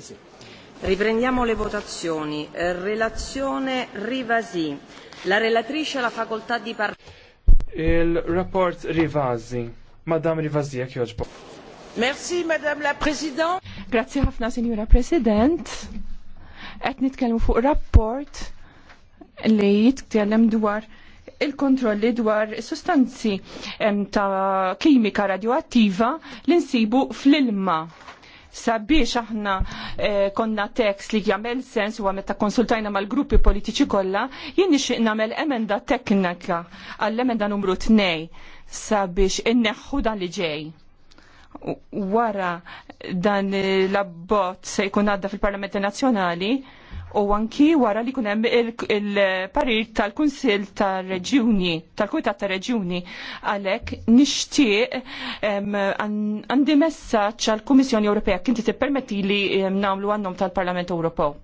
Sì, sì. Riprendiamo le votazioni. Relazione Rivasi. La relatrice ha la facoltà di parlare. Il rapport Rivasi. Madame Rivasi, chi oggi Merci, Madame la Présidente. Grazie ħafna, Signora President. Qed nitkellmu fuq rapport li jitkellem dwar il-kontrolli dwar sustanzi ta' kimika radioattiva li nsibu fl-ilma sabiex aħna eh, konna tekst li jagħmel sens huwa meta konsultajna mal-gruppi politiċi kollha, jien nixtieq nagħmel emenda teknika għall-emenda numru 2 sabiex inneħħu dan li ġej. Wara dan l-abbot se jkun għadda fil-Parlamenti Nazzjonali, u anki wara li kunem il-parir il tal-Kunsil tal-Reġjuni, tal-Kutat tal-Reġjuni, għalek nishtiq għandi messaċ għal-Kummissjoni Ewropea kinti tippermetti li namlu għannom tal-Parlament Ewropew.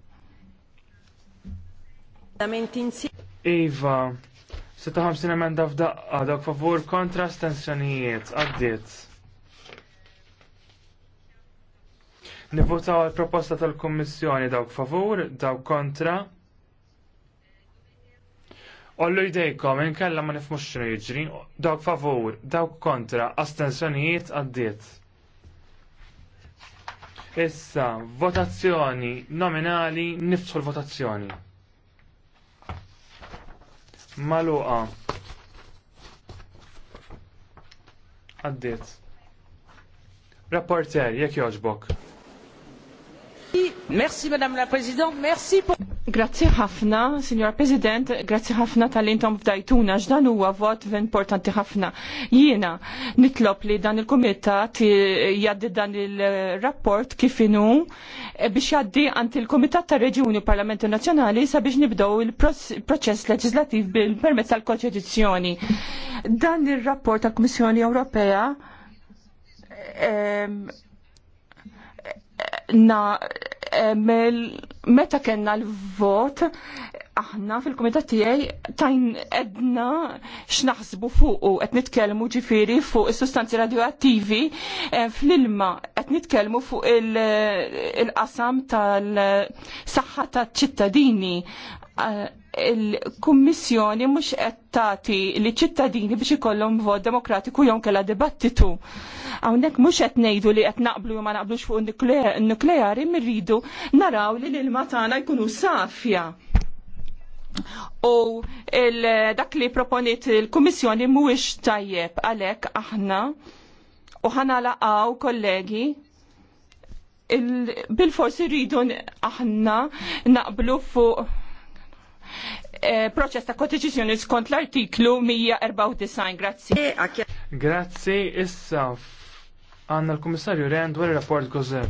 Iva, 56 emenda f'daqqa, dak favur kontra stensjonijiet, għaddit. Nivvotaw għall proposta tal-Kommissjoni dawk favur, dawk kontra. Ollu jdejkom, inkella ma nifmux xinu jiġri, dawk favur, dawk kontra, astensjonijiet għaddiet. Issa, votazzjoni nominali, niftħu l-votazzjoni. Maluqa. Għaddiet. Rapporter, jekk joġbok. Grazzi ħafna, Signor President, grazzi ħafna tal-intom f'dajtuna, ġdan huwa vot importanti ħafna. Jiena nitlob li dan il-komitat jaddi dan il-rapport kif inhu eh, biex jaddi għand il-Komitat ta' Reġjuni Parlamenti Nazzjonali sabiex nibdew il-proċess leġislattiv bil-permezz tal-Koċedizzjoni. Dan il-rapport tal-Kummissjoni Ewropea ehm, na eh, meta kenna l-vot aħna fil-komitat tiegħi tajn edna x'naħsbu fuq u qed nitkellmu ġifieri fuq is-sustanzi radioattivi eh, fl-ilma qed nitkellmu fuq il-qasam tal-saħħa tal-ċittadini eh, il-Kummissjoni mhux qed tagħti li ċittadini biex ikollhom vot demokratiku jom kella dibattitu. Hawnhekk mhux qed ngħidu li qed naqblu ma naqblux fuq nukleari mirridu naraw li l matana tagħna jkunu safja. U dak li proponiet il-Kummissjoni mhuwiex tajjeb għalhekk aħna u laqaw kollegi bil-forsi rridu aħna naqblu fuq Eh, proċess ta' kodeċiżjoni skont l-artiklu 194. Grazzi. E, Grazzi, issa għanna l-Kummissarju Ren dwar il-rapport Gozer.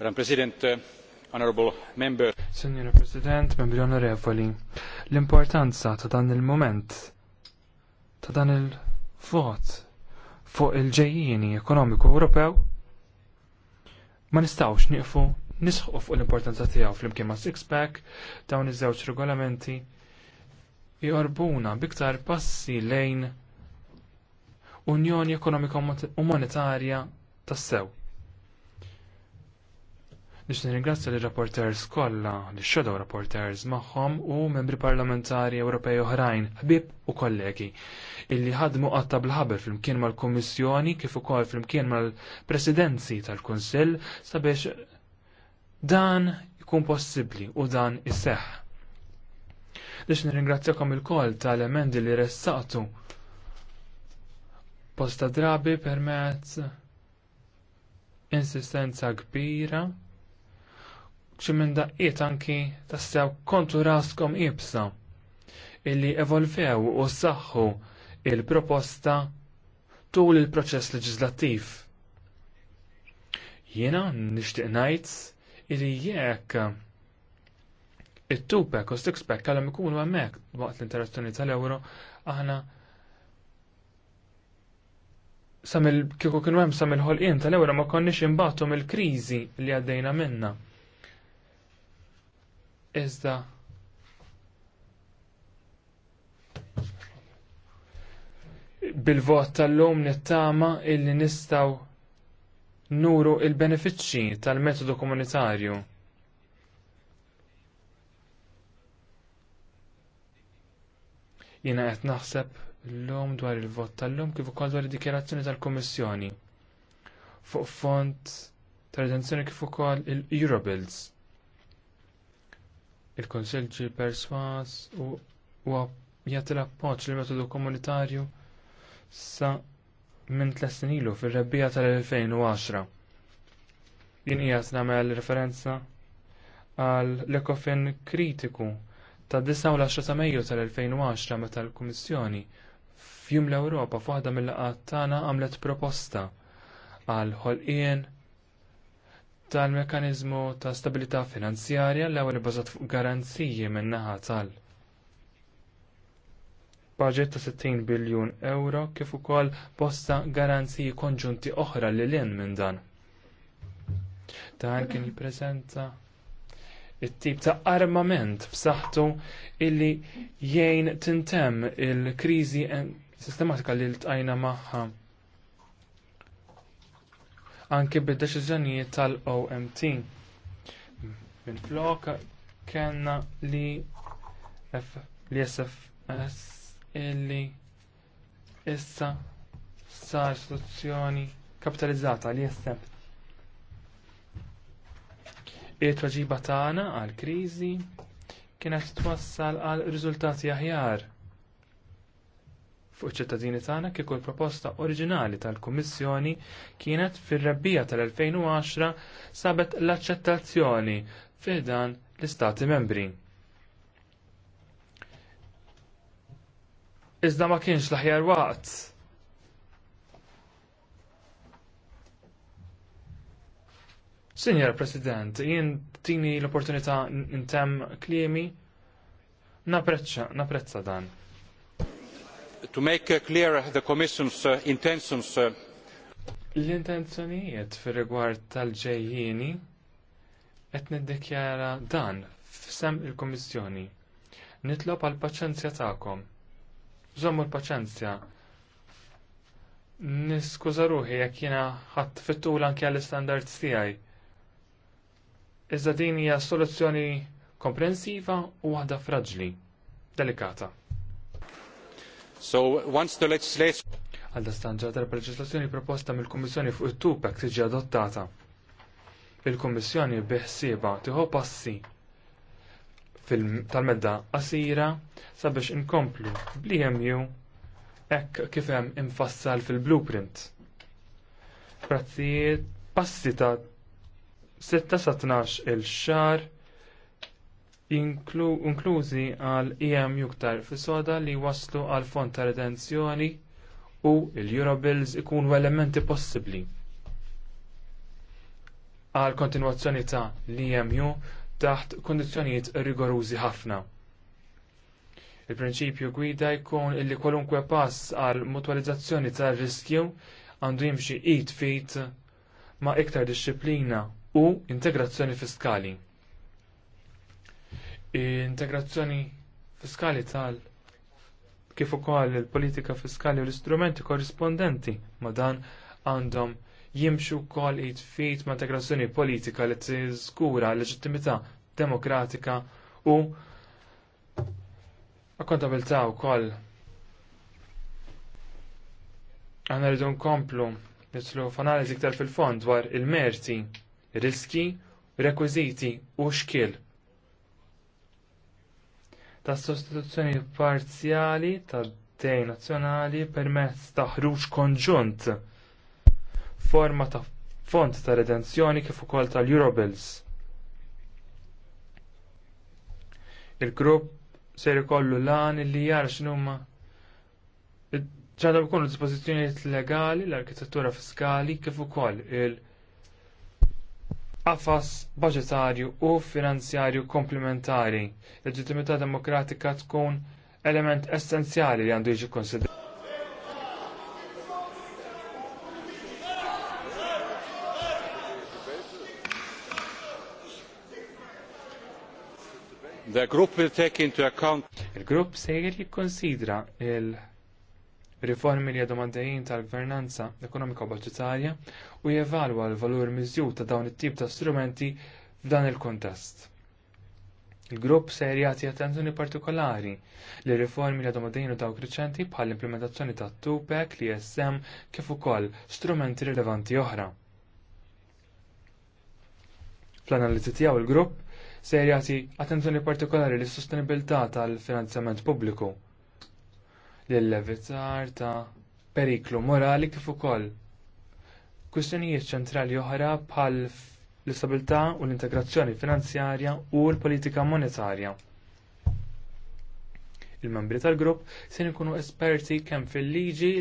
Madam President, Honorable Member. Signora President, membri onorevoli, l-importanza ta' dan il-moment, ta' dan il-vot fuq il-ġejjini ekonomiku Ewropew ma nistawx nieqfu nisħu fuq l-importanza tiegħu flimkien ma' six pack dawn iż-żewġ regolamenti jorbuna biktar passi lejn Unjoni Ekonomika u Monetarja sew Nix nirringrazzja li rapporters kollha li shadow rapporters magħhom u membri parlamentari Ewropej oħrajn, ħbib u kollegi, illi ħadmu qatta bl-ħabel flimkien mal-Kummissjoni kif ukoll flimkien mal-Presidenzi tal-Kunsill sabiex dan jkun possibbli u dan isseħ. Nix nirringrazzjakom il-koll tal-emendi li ressaqtu posta drabi permezz insistenza kbira Xi minn daqqiet anki tassew kontu raskom ibsa illi evolvew u saħħu il-proposta tul il-proċess leġislattiv. Jiena nixtieq ngħid illi jekk it-tupek u s tikspek kellhom ikunu hemmhekk waqt l-interazzjoni tal-ewro aħna samil kieku kienu hemm samil ħolqien tal-ewro ma konniex imbagħtu mill-kriżi li għaddejna minnha. Iżda bil-vot tal-lum nittama illi nistaw nuru il-benefiċċji tal-metodu komunitarju. Jina qed naħseb l-lum dwar il-vot tal-lum kif ukoll dwar id-dikjerazzjoni tal-Kummissjoni fuq font tal-redenzjoni kif ukoll il-Eurobills. Il-Konsil ġie perswas u jagħti l-appoġġ li metodu komunitarju sa minn tles ilu fir-rebbija tal-2010. Din hija nagħmel referenza għal l-ekofin kritiku ta' 19 ta' Mejju tal-2010 meta l-Kummissjoni f'jum l-Ewropa f'waħda mill-laqgħat tagħna għamlet proposta għal ħolqien tal-mekanizmu ta' stabilità finanzjarja l ewwel bażat fuq garanziji min-naħa tal baġġett ta' 60 biljun euro kif ukoll bosta garanziji konġunti oħra li lin minn dan. Dan kien jippreżenta it-tip ta' armament b'saħħtu illi jgħin tintemm il-kriżi sistematika li l-tqajna magħha anke bid-deċiżjonijiet tal-OMT. Minflok kellna li li SFS illi issa sar istituzzjoni kapitalizzata li jesseb. it traġiba tagħna għall kriżi kienet twassal għal riżultati aħjar fuq ċittadini tagħna kieku l-proposta oriġinali tal-Kummissjoni kienet fir-rebbija tal-2010 sabet l-aċċettazzjoni fidan l-Istati membri. Iżda ma kienx l-aħjar waqt. Sinjor President, jien tini l-opportunità intemm kliemi, naprezza dan to make clear the Commission's uh, intentions. Uh, L-intenzjonijiet fir rigward tal-ġejjieni qed niddikjara dan f'sem il-Kummissjoni. Nitlob għal paċenzja tagħkom. Żommu l-paċenzja. Niskuża ruħi jekk jiena ħadd fit-tul anke għall-istandards tiegħi. Iżda din hija soluzzjoni komprensiva u waħda fraġli, delikata. So once the legislation Għaldastan ġadar leġislazzjoni proposta mill-Kummissjoni fuq it-tupek tiġi adottata. Il-Kummissjoni biħsieba tieħu passi tal-medda qasira sabiex inkomplu bl-EMU hekk kif hemm infassal fil-blueprint. Prazzijiet passi ta' 6 sa 12 il-xar inklużi għal EM juktar fis-soda li waslu għal fond ta' redenzjoni u l-Eurobills ikunu elementi possibbli għal kontinwazzjoni ta' l-EMU taħt kundizzjonijiet rigorużi ħafna. Il-prinċipju gwida jkun illi kwalunkwe pass għal mutualizzazzjoni tar riskju għandu jimxi id fit ma' iktar disċiplina u integrazzjoni fiskali integrazzjoni fiskali tal kif ukoll il-politika fiskali u l-istrumenti korrispondenti ma dan għandhom jimxu wkoll it-fit ma' integrazzjoni politika li tiżgura l-leġittimità demokratika u akkontabilità wkoll. Għanna rridu nkomplu nitlu f'analiżi iktar fil-fond dwar il-merti, riski, rekwiżiti u xkil ta' sostituzzjoni parzjali tad-dejn nazzjonali permezz ta' ħruġ konġunt forma ta' fond ta' redenzjoni kif ukoll tal-Eurobills. Il-grupp ser ikollu lan li jara x'numa ċada jkunu dispożizzjonijiet legali l-arkitettura fiskali kif ukoll il- qafas budgetarju u finanzjarju komplementari. Leġitimità demokratika tkun element essenzjali li għandu jiġi konsidrat. The group will take into account. Il-grupp se jikkonsidra il riformi li għadhom għaddejjin tal-gvernanza ekonomika u budġetarja u jevalwa l-valur miżjud ta' dawn it-tip ta' strumenti f'dan il-kontest. Il-grupp se jagħti attenzjoni partikolari li riformi li għadhom għaddejjin u dawk riċenti bħal implementazzjoni ta' Tupek li jessem kif ukoll strumenti rilevanti oħra. fl analizi tiegħu il-grupp se jagħti attenzjoni partikolari lis sostenibilità tal-finanzjament pubbliku lill-levitar ta' periklu morali kif ukoll. Kwistjonijiet ċentrali oħra bħal l-istabilità u l-integrazzjoni finanzjarja u l-politika monetarja. Il-membri tal-grupp se ikunu esperti kemm fil-liġi,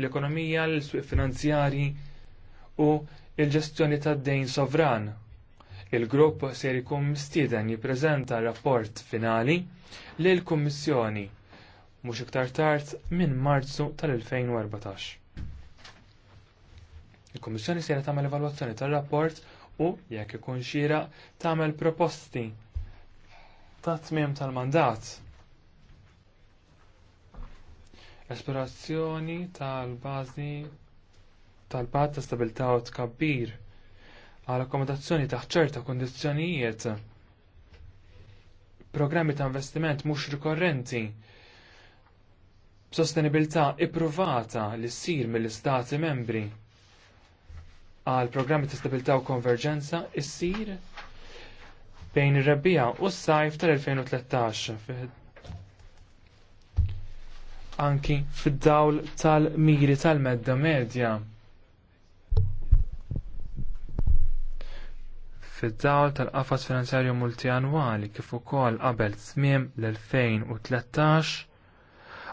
l-ekonomija, l-suq finanzjarji u il-ġestjoni tad-dejn sovran. Il-grupp se jkun mistieden jippreżenta rapport finali lill-Kummissjoni mhux iktar tard minn Marzu tal-2014. Il-Kummissjoni se tagħmel evalwazzjoni tar-rapport u jekk ikun xira tagħmel proposti ta' tmiem tal-mandat. Esplorazzjoni tal-bażi tal-pat ta' stabilità u tkabbir għal akkomodazzjoni taħt ċerta kundizzjonijiet programmi ta' investiment mhux rikorrenti Sostenibilità ippruvata li ssir mill-istati membri għal programmi ta' stabilità u konverġenza issir bejn ir-rebbija u s-sajf tal-2013 anki fid-dawl tal-miri tal-medda medja. Fid-dawl tal-qafas finanzjarju multianwali kif ukoll qabel tmiem l-2013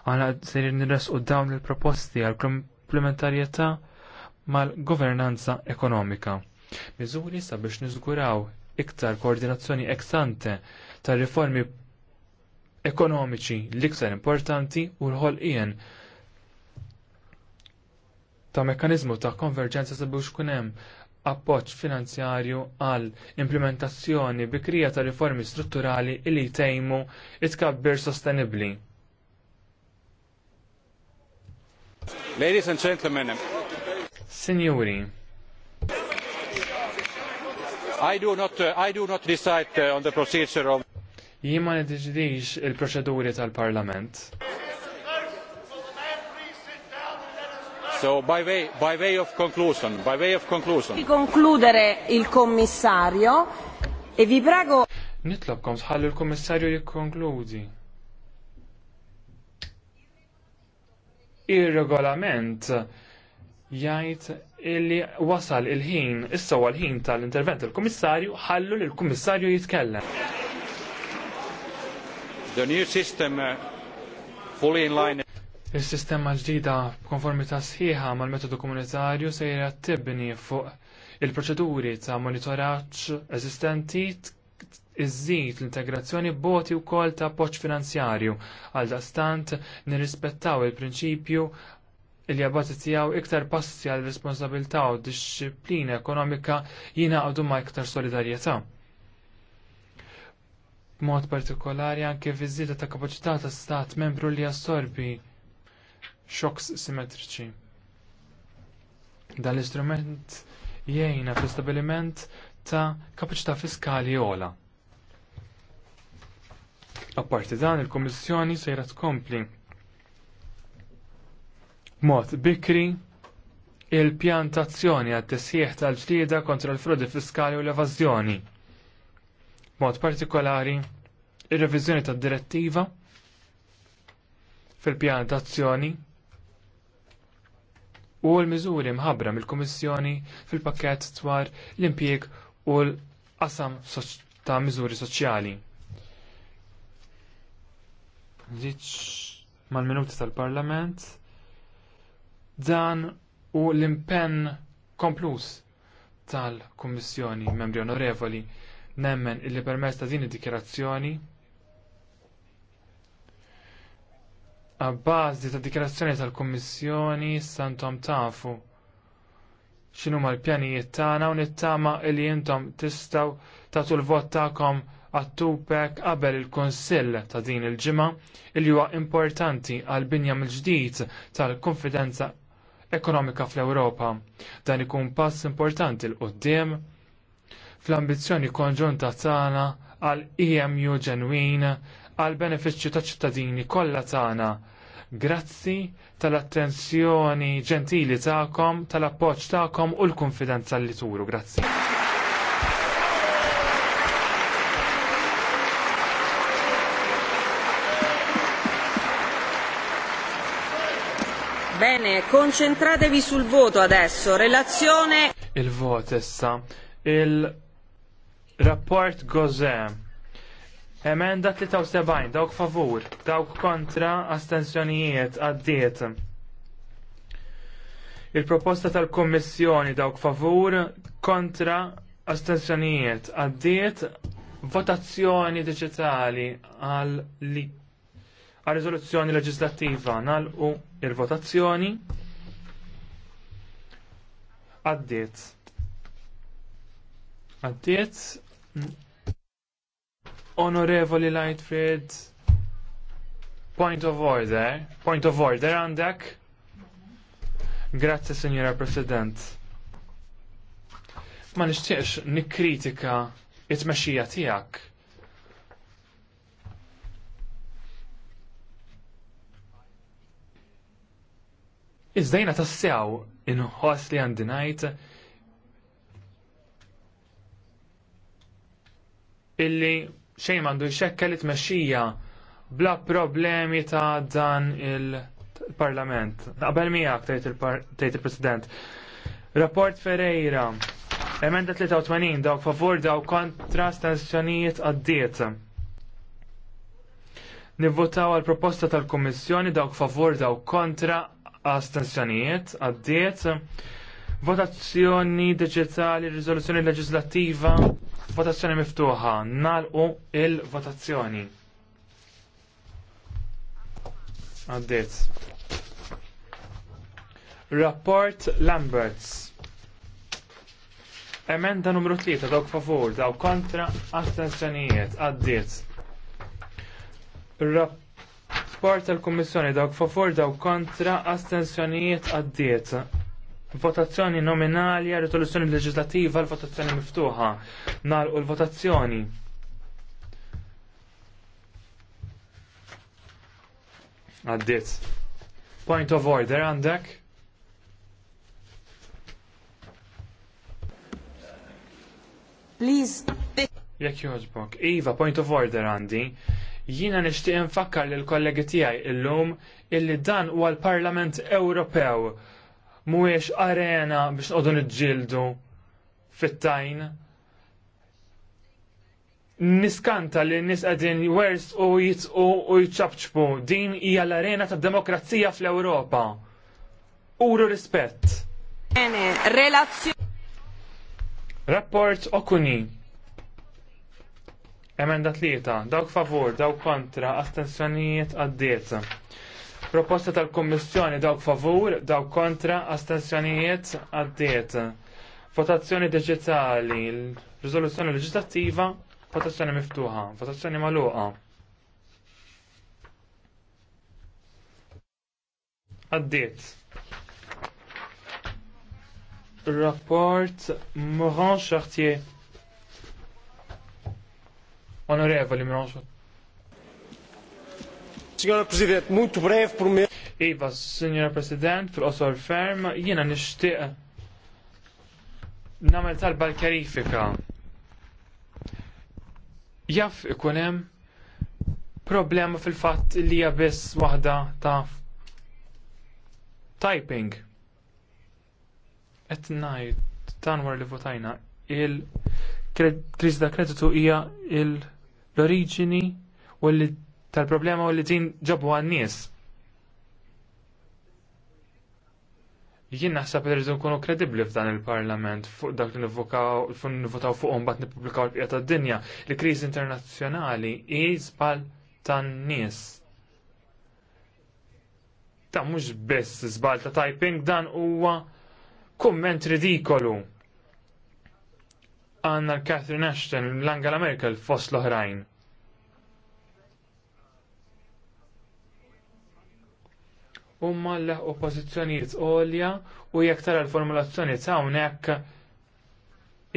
Għala nirres nirresqu dawn il-proposti għal komplementarjetà mal-governanza ekonomika. Miżuri sabiex niżguraw iktar koordinazzjoni eksante ta' riformi ekonomiċi l-iktar importanti u l-ħolqien ta' mekanizmu ta' konverġenza sabiex kunem appoġġ finanzjarju għal implementazzjoni bikrija ta' riformi strutturali li jtejmu it-kabbir sostenibli. Ladies and gentlemen. Signori. I do not, uh, I do not decide uh, on the procedure of... Jima ne deċidix il-proċeduri tal-parlament. So by way, by way of conclusion, by way of conclusion. Di concludere il commissario e vi prego... Nitlobkom sħallu il-kommissarju jikkonkludi. Ir-regolament jgħid illi wasal il-ħin, issa huwa l-ħin tal-intervent il-Kummissarju, ħallu l kummissarju jitkellem. The new system uh, fully in line Il-sistema ġdida ta' sħiħa mal-metodu komunitarju se jira tibni fuq il-proċeduri ta' monitoraġġ eżistenti iżżid l-integrazzjoni b'boti wkoll ta' appoġġ finanzjarju għal stant nirrispettaw il-prinċipju il jabati tiegħu iktar passi għal responsabilità u disċiplina ekonomika jingħaqdu ma' iktar solidarjetà. B'mod partikolari anke viżita ta' kapaċità ta' stat membru li jassorbi xoks simmetriċi. Dan l-istrument jgħinna fl-istabiliment ta' kapaċità fiskali ola. Apparti dan il komissjoni sejra tkompli mod bikri il-pjantazzjoni għad tisjieħ tal ġdida kontra l-frodi fiskali u l-evażjoni. Mod partikolari ir-reviżjoni tad-direttiva fil-pjantazzjoni u l-miżuri mħabbra mill komissjoni fil-pakket dwar l-impjieg u l-qasam ta' miżuri soċjali ġiċ mal-minuti tal-parlament dan u l-impenn komplus tal-Kummissjoni membri onorevoli nemmen illi permess ta' din id-dikjerazzjoni għabbażi ta' dikjerazzjoni tal-Kummissjoni santom tafu x'inhuma l-pjanijiet tagħna u nittama li intom tistgħu tagħtu l-vot tagħkom għat qabel il-Konsill ta' din il-ġimgħa il huwa importanti għal binja mill-ġdid tal-konfidenza ekonomika fl-Ewropa. Dan ikun pass importanti l qoddim fl-ambizzjoni konġunta tagħna għal EMU ġenwin għal benefiċċju ta' ċittadini kollha tagħna. Grazzi tal-attenzjoni ġentili tagħkom, tal-appoġġ tagħkom u l-konfidenza li turu. Grazzi. Bene, concentratevi sul voto adesso. Relazione. Il voto essa. Il rapport Gozè. Emenda 73, dawk favur, dawk kontra, astensjonijiet, għaddiet. Il-proposta tal-Kommissjoni dawk favur, kontra, astensjonijiet, għaddiet, votazzjoni digitali għal li għal riżoluzzjoni leġislattiva nalqu il-votazzjoni għaddiet. Għaddiet Onorevoli Lightfred Point of order Point of order għandek Grazie Signora President Ma nixtieqx nikkritika it mexija tiegħek Iżda tassew inħoss li għandi ngħid illi xejn għandu jxekkel li tmexxija bla problemi ta' dan il-parlament. Qabel miegħek tgħid il-President. Rapport Ferreira, emenda 83 daw favur daw kontra stanzjonijiet għaddiet. Nivvotaw għal proposta tal-Kommissjoni dawk favur daw kontra astensjonijiet għaddiet votazzjoni digitali, risoluzzjoni leġislattiva, votazzjoni miftuħa, nalqu il-votazzjoni. Għaddiet. Rapport Lamberts. Emenda numru 3, dawk favur, dawk kontra, astensjonijiet, għaddiet. Rapport rapport tal-Kummissjoni dawk favur dawk kontra astensjonijiet għaddiet. Votazzjoni nominali għal risoluzzjoni leġislativa għal votazzjoni miftuħa. Nalqu l-votazzjoni. Għaddiet. Point of order għandek? Please. Jekk joġbok. Iva, point of order għandi Jiena nixtieq infakkar lill kollegi tiegħi illum illi dan huwa l-Parlament Ewropew mhuwiex arena biex nqogħdu niġġieldu fit-tajn. Niskanta li n-nies qegħdin wers u jitqu u jċabċbu. Din hija l-arena tad-demokrazija fl-Ewropa. Uru rispett. Rapport Okuni Emenda tlieta, dawk favur, dawk kontra, astensjonijiet għaddiet. Proposta tal-Kommissjoni dawk favur, dawk kontra, astensjonijiet għaddiet. Votazzjoni digitali, riżoluzzjoni legislativa, votazzjoni miftuħa, votazzjoni magħluqa. Għaddiet. Rapport Moran Chartier Onorevoli Mronxot. Signora President, muito breve por me. Iva, Signora President, fil-qosor ferm, jiena nixtieq namel talba l-karifika. Jaf ikun hemm problema fil-fatt li hija biss waħda ta' typing. Et ngħid tanwar li votajna il-kriżi kreditu hija il-, -kreditu l-oriġini u tal-problema u li din ġabu għan-nies. Jien naħseb li rridu nkunu kredibbli f'dan il-Parlament fuq dak li nivvotaw fuqhom bat nippubblikaw il-qija tad-dinja. Il-kriżi internazzjonali hi żball tan-nies. Ta' mhux biss żball ta' typing dan huwa kumment ridikolu għanna l-Catherine Ashton, l-Angela Merkel fost l-oħrajn. Umma l-leħ oppozizjoniet olja u jek tara l-formulazzjoni ta' unek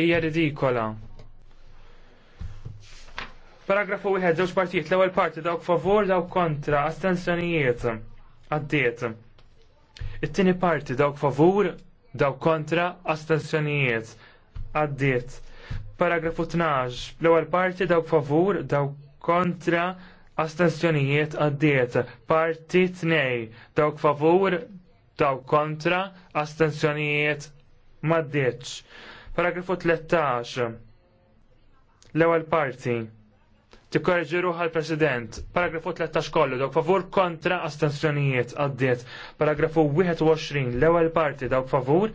hija ridikola. Paragrafu wieħed żewġ partijiet l-ewwel parti dawk favur dawk kontra astensjonijiet għaddiet. It-tieni parti dawk favur dawk kontra astensjonijiet għaddiet Paragrafu 12. L-ewwel parti dawk favur, dawk kontra, astensjonijiet għaddiet. Parti 2. Dawk favur, dawk kontra, astensjonijiet maddiċ. Paragrafu 13. L-ewwel parti. Tikkorreġi ruħal president. Paragrafu 13 kollu dawk favur kontra astensjonijiet għaddiet. Paragrafu 21 l-ewwel parti dawk favur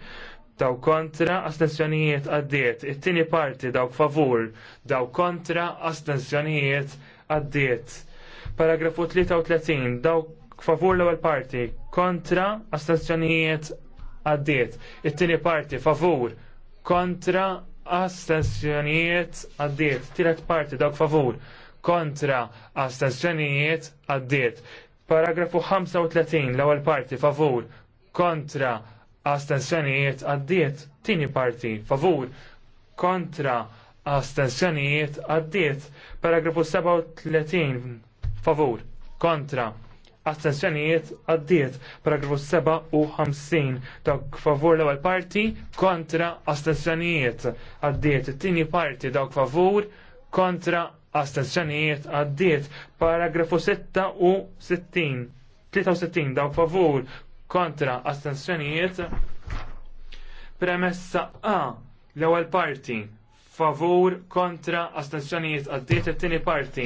daw kontra astensjonijiet għaddiet. It-tieni parti daw favur, daw kontra astensjonijiet għaddiet. Paragrafu 33, daw favur l-ewwel parti, kontra astensjonijiet għaddiet. It-tieni parti favur, kontra astensjonijiet għaddiet. Tielet parti daw favur, kontra astensjonijiet għaddiet. Paragrafu 35, l-ewwel parti favur, kontra astensjonijiet għaddiet tini parti favur kontra astensjonijiet għaddiet paragrafu 37 favur kontra astensjonijiet għaddiet paragrafu 57 dawk favur l ewwel parti kontra astensjonijiet għaddiet tini parti dawk favur kontra astensjonijiet għaddiet paragrafu 60, 63 dawk favur kontra astensjonijiet premessa A l-ewwel parti favur kontra astensjonijiet għaddiet it-tieni parti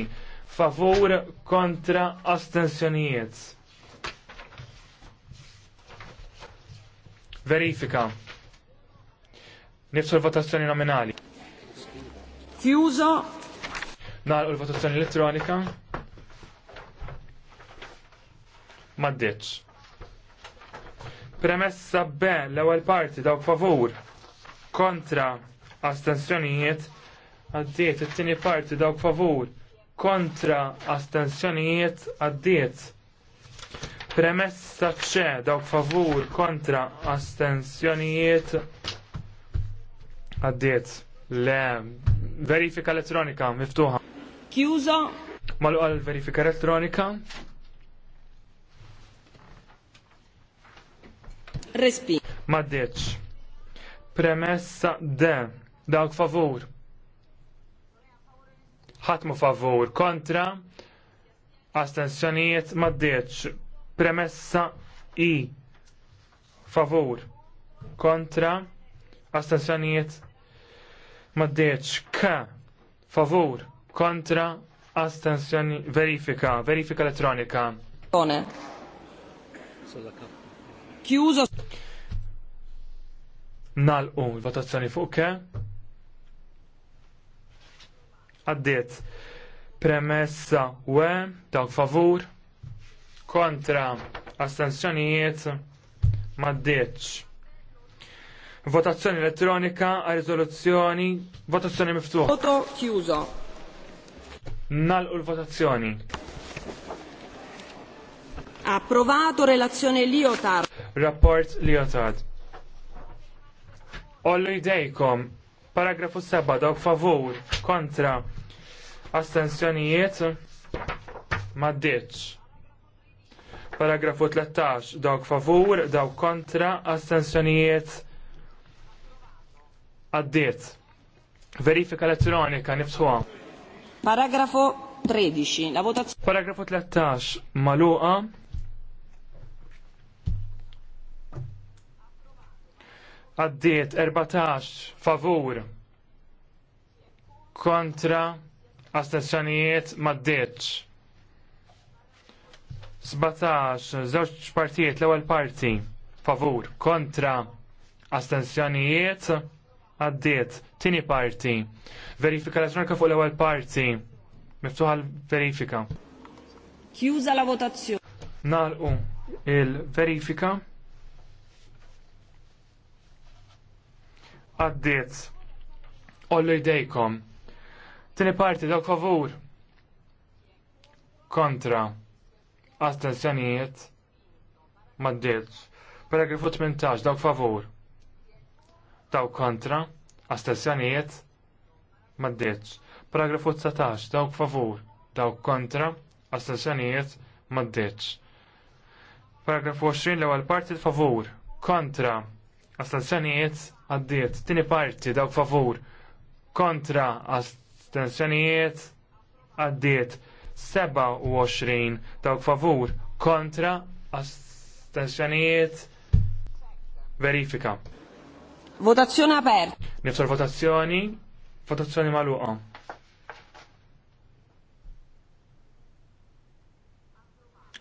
favur kontra astensjonijiet. Verifika. Nifsu l-votazzjoni nominali. Chiusa. Nar l-votazzjoni elettronika. Maddeċ. Premessa B l-ewwel parti dawk favur kontra astensjonijiet għaddiet it-tieni parti dawk favur kontra astensjonijiet għaddiet. Premessa C dawk favur kontra astensjonijiet għaddiet. Le, verifika elettronika miftuħa. Chiusa. Mal-għal verifika elettronika. Respi. Maddeċ. Premessa de. Dawk favur. Ħatmu favur. Kontra. Astensjonijiet maddeċ. Premessa i. Favur. Kontra. Astensjonijiet maddeċ. K. Favur. Kontra. Astensjoni. Verifika. Verifika elettronika. One. Sulla kappa. Chiuso. Nalqu l-votazzjoni fuq ke? Għaddiet. Premessa u dawk favur kontra astensjonijiet maddiċ. Votazzjoni elettronika a riżoluzzjoni votazzjoni miftuħa. Voto chiuso. Nalqu il votazzjoni Approvato relazione Liotard rapport li jotad. Ollu jdejkom, paragrafu 7, dog favur, kontra, astensjonijiet, maddiċ. Paragrafu 13, dawk favur, dawk kontra, astensjonijiet, għaddiet. Verifika elettronika, nifsuha. Paragrafu 13, la votazzjoni. Paragrafu 13, maluqa. għaddiet 14 favur kontra astensjonijiet maddiċ. 17 żewġ partijiet l-ewwel parti favur kontra astensjonijiet għaddiet tini parti verifika elettronika fuq l-ewwel parti miftuħa l-verifika. Chiusa la votazzjoni. Nalqu il-verifika. għaddiet. Ollu jdejkom. Tini parti daw favur. Kontra. astensjonijiet Maddiet. Paragrafu 18 daw favur. Daw kontra. astensjonijiet? Maddiet. Paragrafu 19 daw favur. Daw kontra. astensjonijiet Maddiet. Paragrafu 20 l-ewwel parti favur. Kontra. astensjonijiet? għaddiet. Tini parti dawk favur kontra astensjonijiet għaddiet. 27 dawk favur kontra astensjonijiet verifika. Votazzjoni aperta. Nifsor votazzjoni, votazzjoni maluqa.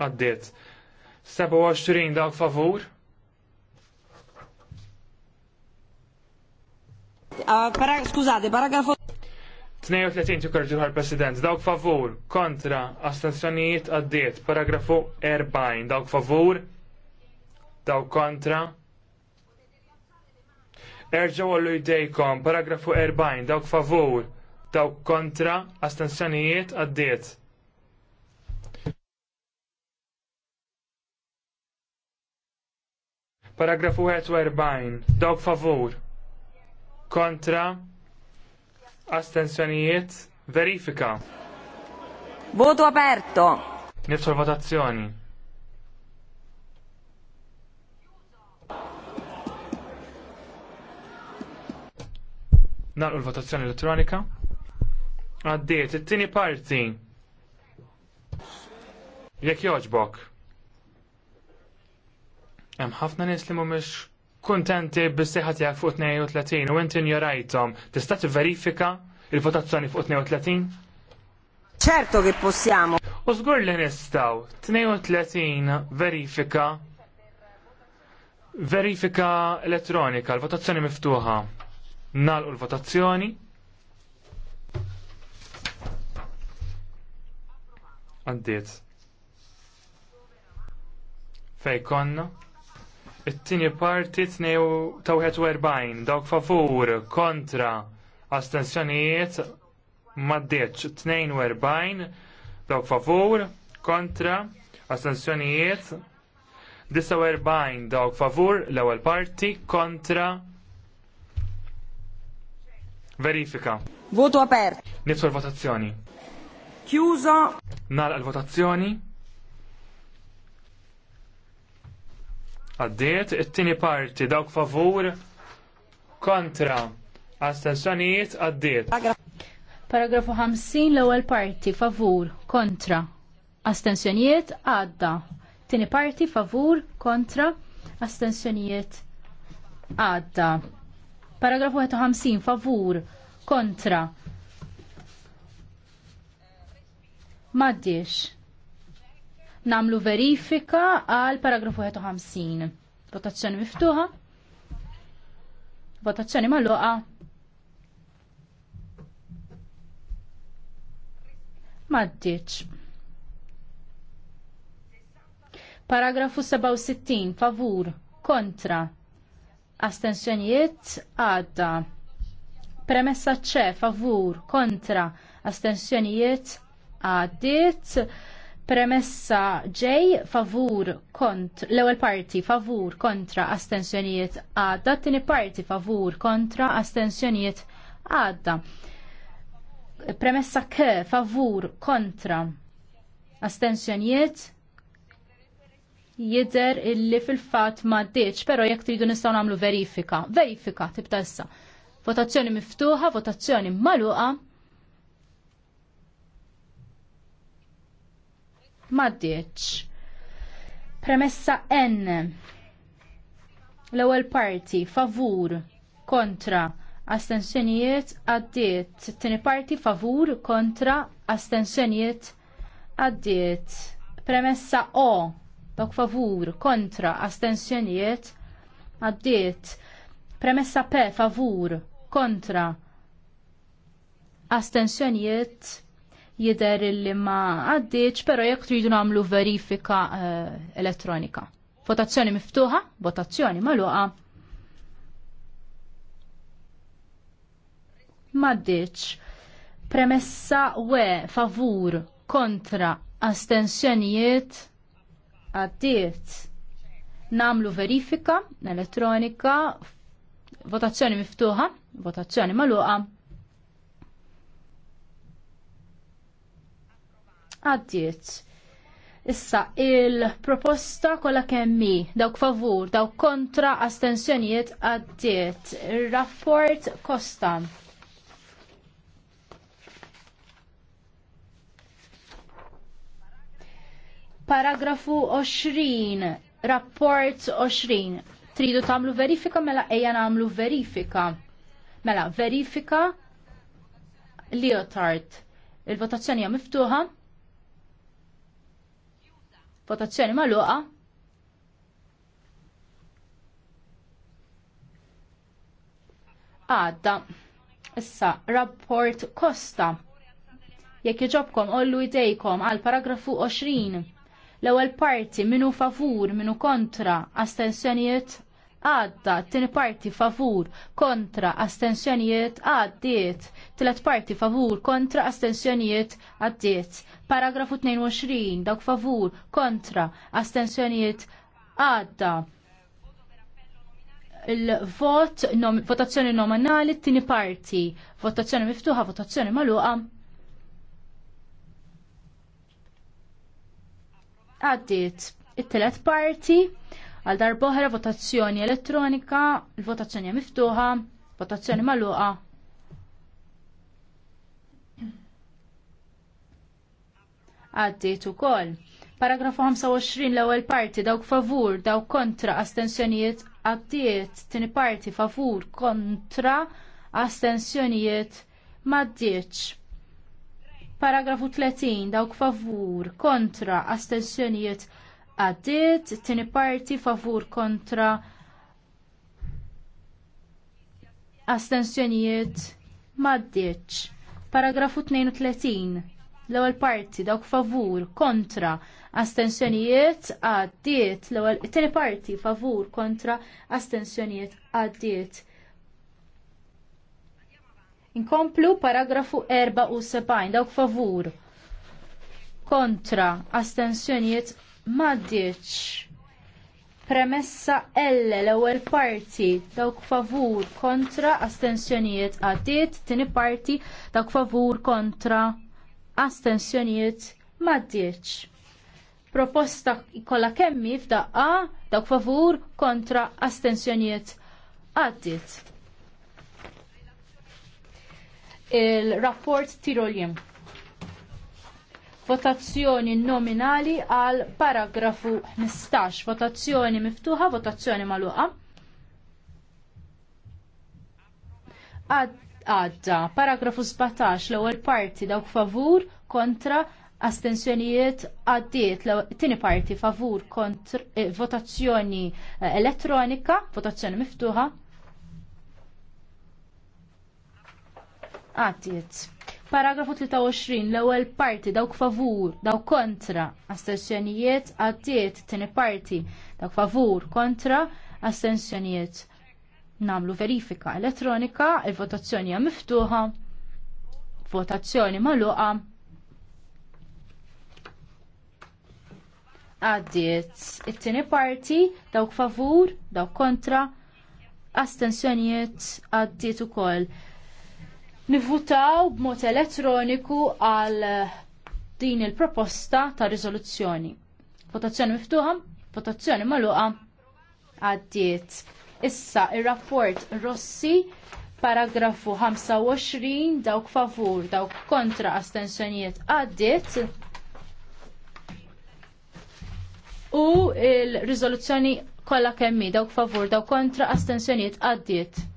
Għaddiet. 27 dawk favur Ah, Tnej paragrafu. 32 tukarġu għal-President, dawk favur, kontra, astensjonijiet għaddiet, paragrafu 40, dawk favur, dawk kontra. Erġaw għallu jdejkom, paragrafu 40, dawk favur, dawk kontra, astensjonijiet għaddiet. Paragrafu 41, dawk favur, kontra, astensjonijiet, verifika. Voto aperto. l votazzjoni. Nalqu l-votazzjoni elettronika. Għaddiet, it-tieni parti. Jekk joġbok. Hemm ħafna nies li mhumiex kontenti bis-seħħa tiegħek fuq 32 u inti njorajthom. Tista' tivverifika il-votazzjoni fuq 32? Ċerto che possiamo. U żgur li nistgħu 32 verifika verifika elettronika, l-votazzjoni miftuħa. Nalqu l-votazzjoni. Għaddiet. Fej konna. It-tieni parti ta' 41 dawk favur kontra astensjonijiet maddeċ 42 dawk favur kontra astensjonijiet 49 dawk favur l-ewwel parti kontra verifika. Voto apert. Nitsu l-votazzjoni. Chiuso. Nal l-votazzjoni. Għaddiet, it-tini parti dawk favur kontra astensjonijiet għaddiet. Paragrafu 50 l-ewwel parti favur kontra astensjonijiet għadda. Tini parti favur kontra astensjonijiet għadda. Paragrafu 50 favur kontra Maddiex namlu verifika għal paragrafu 51. Votazzjoni miftuħa. Votazzjoni maluqa. Maddiċ. Paragrafu 67, favur, kontra, astensjonijiet, għadda. Premessa ċe, favur, kontra, astensjonijiet, għaddiet. Premessa ġej favur kont l-ewwel parti favur kontra astensjonijiet għadda, t-tieni parti favur kontra astensjonijiet għadda. Premessa ke, favur kontra astensjonijiet jider illi fil-fat ma ddiċ, pero jek tridu nistaw namlu verifika. Verifika, tibta issa. Votazzjoni miftuħa, votazzjoni maluqa. maddiċ. Premessa N. L-ewwel parti favur kontra astensjonijiet għaddiet. Tieni parti favur kontra astensjonijiet għaddiet. Premessa O. Dok favur kontra astensjonijiet għaddiet. Premessa P favur kontra astensjonijiet jider li ma għaddiċ, pero jek tridu namlu verifika uh, elettronika. Votazzjoni miftuħa, votazzjoni maluqa. Maddiċ. Premessa we favur kontra astensjonijiet għaddiċ Namlu verifika elettronika, votazzjoni miftuħa, votazzjoni maluqa. għaddiet. Issa, il-proposta kolla kemmi, dawk favur, dawk kontra astensjonijiet għaddiet. Rapport Kosta. Paragrafu 20, rapport 20. Tridu tamlu verifika, mela eja namlu verifika. Mela, verifika, Leotard. Il-votazzjoni hija miftuħa. Votazzjoni maluqa. Għadda. Issa, rapport Kosta. Jekk iġobkom ollu idejkom għal paragrafu 20. L-ewwel parti minu favur, minu kontra, astensjonijiet għadda t-tini parti favur kontra astensjonijiet għaddiet, tlet parti favur kontra astensjonijiet għaddiet. Paragrafu 22, dawk favur kontra astensjonijiet għadda. Il-vot, nom, votazzjoni nominali, t-tini parti, votazzjoni miftuħa, votazzjoni maluqa. Għaddiet, it-tlet parti, Għal darboħra votazzjoni elettronika, il-votazzjoni miftuħa, votazzjoni maluqa. Għaddit ukoll. Paragrafu 25 l-ewwel parti dawk favur, dawk kontra astensjonijiet għaddiet, tieni parti favur kontra astensjonijiet maddiċ. Paragrafu 30 dawk favur kontra astensjonijiet għaddiet, it-tieni parti favur kontra astensjonijiet maddiċ. Paragrafu 32. L-ewwel parti dawk favur kontra astensjonijiet għaddiet. L-ewwel it-tieni parti favur kontra astensjonijiet għaddiet. Inkomplu paragrafu 74 dawk favur kontra astensjonijiet Maddiċ. Premessa elle l-ewwel parti dawk favur kontra astensjonijiet għaddiet, tieni parti dawk favur kontra astensjonijiet maddiċ. Proposta kollha kemmi f'daqqa dawk favur kontra astensjonijiet għaddiet. Il-rapport Tiroljem votazzjoni nominali għal paragrafu 15, votazzjoni miftuħa, votazzjoni maluqa. Għadda, paragrafu 17, l-ewwel parti dawk favur kontra astensjonijiet għaddiet l-tini parti favur kontra eh, votazzjoni eh, elettronika, votazzjoni miftuħa. Għaddiet. Paragrafu 23, l-ewwel parti dawk favur, dawk kontra, astensjonijiet għaddiet tieni parti, dawk favur, kontra, astensjonijiet. Namlu verifika elettronika, il-votazzjoni hija miftuħa, votazzjoni magħluqa. Għaddiet it-tieni parti, dawk favur, dawk kontra, astensjonijiet għaddiet ukoll nivvutaw b'mod elettroniku għal eh, din il-proposta ta' riżoluzzjoni. Votazzjoni miftuħa, votazzjoni magħluqa għaddiet. Issa ir-rapport Rossi paragrafu 25 dawk favur, dawk kontra astensjonijiet għaddiet u il-rizoluzzjoni kollha kemmi dawk favur, dawk kontra astensjonijiet għaddiet.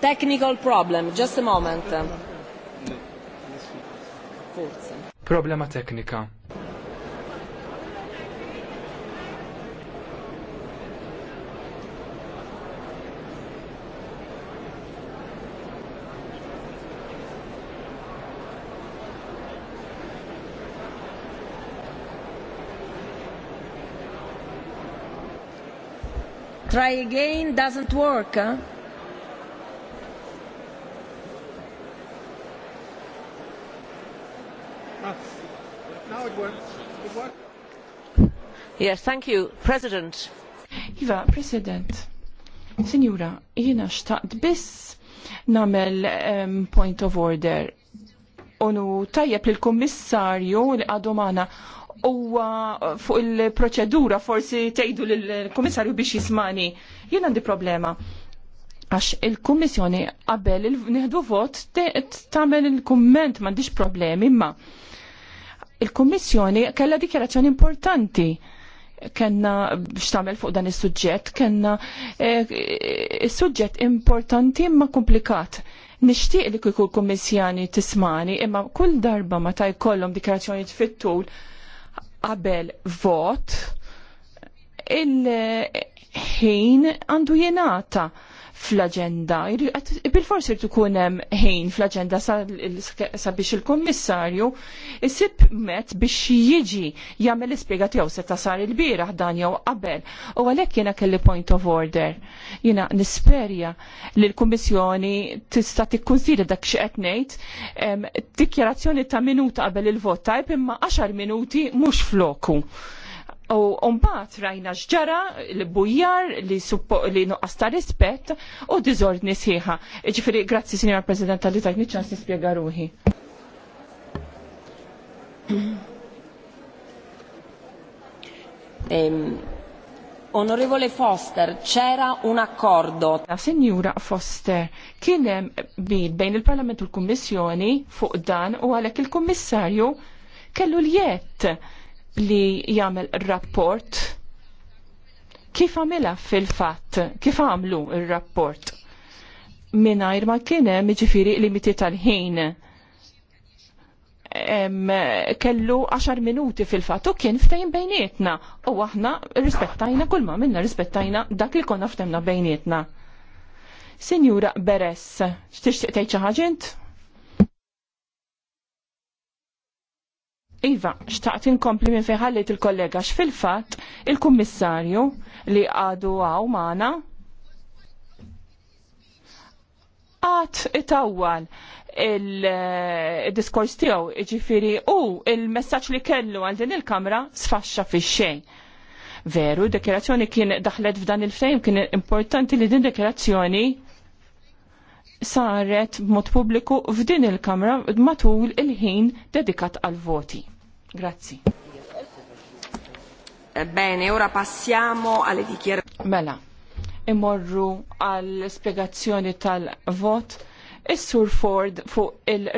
Technical problem, just a moment. Problema teknika. Try again doesn't work. Huh? Yes, thank you, President. Iva, President, Signora, jiena xtaqt biss namel um, point of order. Unu tajjeb li l-Kommissarju li għadomana huwa fuq il-proċedura forsi tgħidu lill-Kummissarju biex jismani. Jien għandi problema għax il-Kummissjoni qabel il-nieħdu vot tagħmel il-kumment m'għandhiex problemi imma Il-Kummissjoni kellha dikjarazzjoni importanti kenna biex tagħmel fuq dan is-suġġett, kenna eh, is-suġġett importanti imma komplikat. Nixtieq li kieku l-Kummissjani tismani, imma kull darba ma ta' jkollhom dikjarazzjoni tfittul qabel vot il-ħin għandu jenata fl-agenda. bil forsi irtu kunem ħin fl-agenda sabiex il-kommissarju isib met biex jiġi jagħmel ispiega tiegħu se tasar il-bieraħ dan jew qabel. U għalhekk jiena kelli point of order. Jiena nisperja li l-Kummissjoni tista' tikkunsidra dak xi qed ngħid dikjarazzjoni ta' minuta qabel il-vot tajb imma 10 minuti mhux floku. U mbagħad rajna xġara l-bujjar li suppo li nuqqas ta' rispett u diżordni sħiħa. Ġifieri grazzi Sinjor President li tajni ċans nispjega ruħi. Ehm, onorevole Foster, c'era un accordo. La signora Foster, kien hemm bil bejn il-Parlament u l-Kummissjoni fuq dan u għalhekk il-Kummissarju kellu lo jett li jagħmel rapport kif għamilha fil-fatt, kif għamlu ir-rapport mingħajr ma kien hemm jiġifieri limiti tal-ħin kellu 10 minuti fil-fatt u kien ftejn bejnietna. U aħna rispettajna kull ma minna rispettajna dak li konna ftemna bejnietna. Sinjura Beres, x'tixtieq tgħid xi ħaġa Iva, xtaqt inkompli minn fejħallit il-kollega x'fil-fatt il-kummissarju li għadu għaw mana għat it-awwal il-diskors tiegħu ġifiri u il-messaġġ li kellu għal din il-kamra sfaxxa fix-xejn veru, dekerazzjoni kien daħlet f'dan il-fejm, kien importanti li din dekerazzjoni saret b'mod pubbliku f'din il-Kamra matul il-ħin dedikat għal voti. Grazzi. Bene, ora passiamo alle dichiarazioni. Mela, imorru għall spiegazzjoni tal-vot. Is-Sur Ford fuq il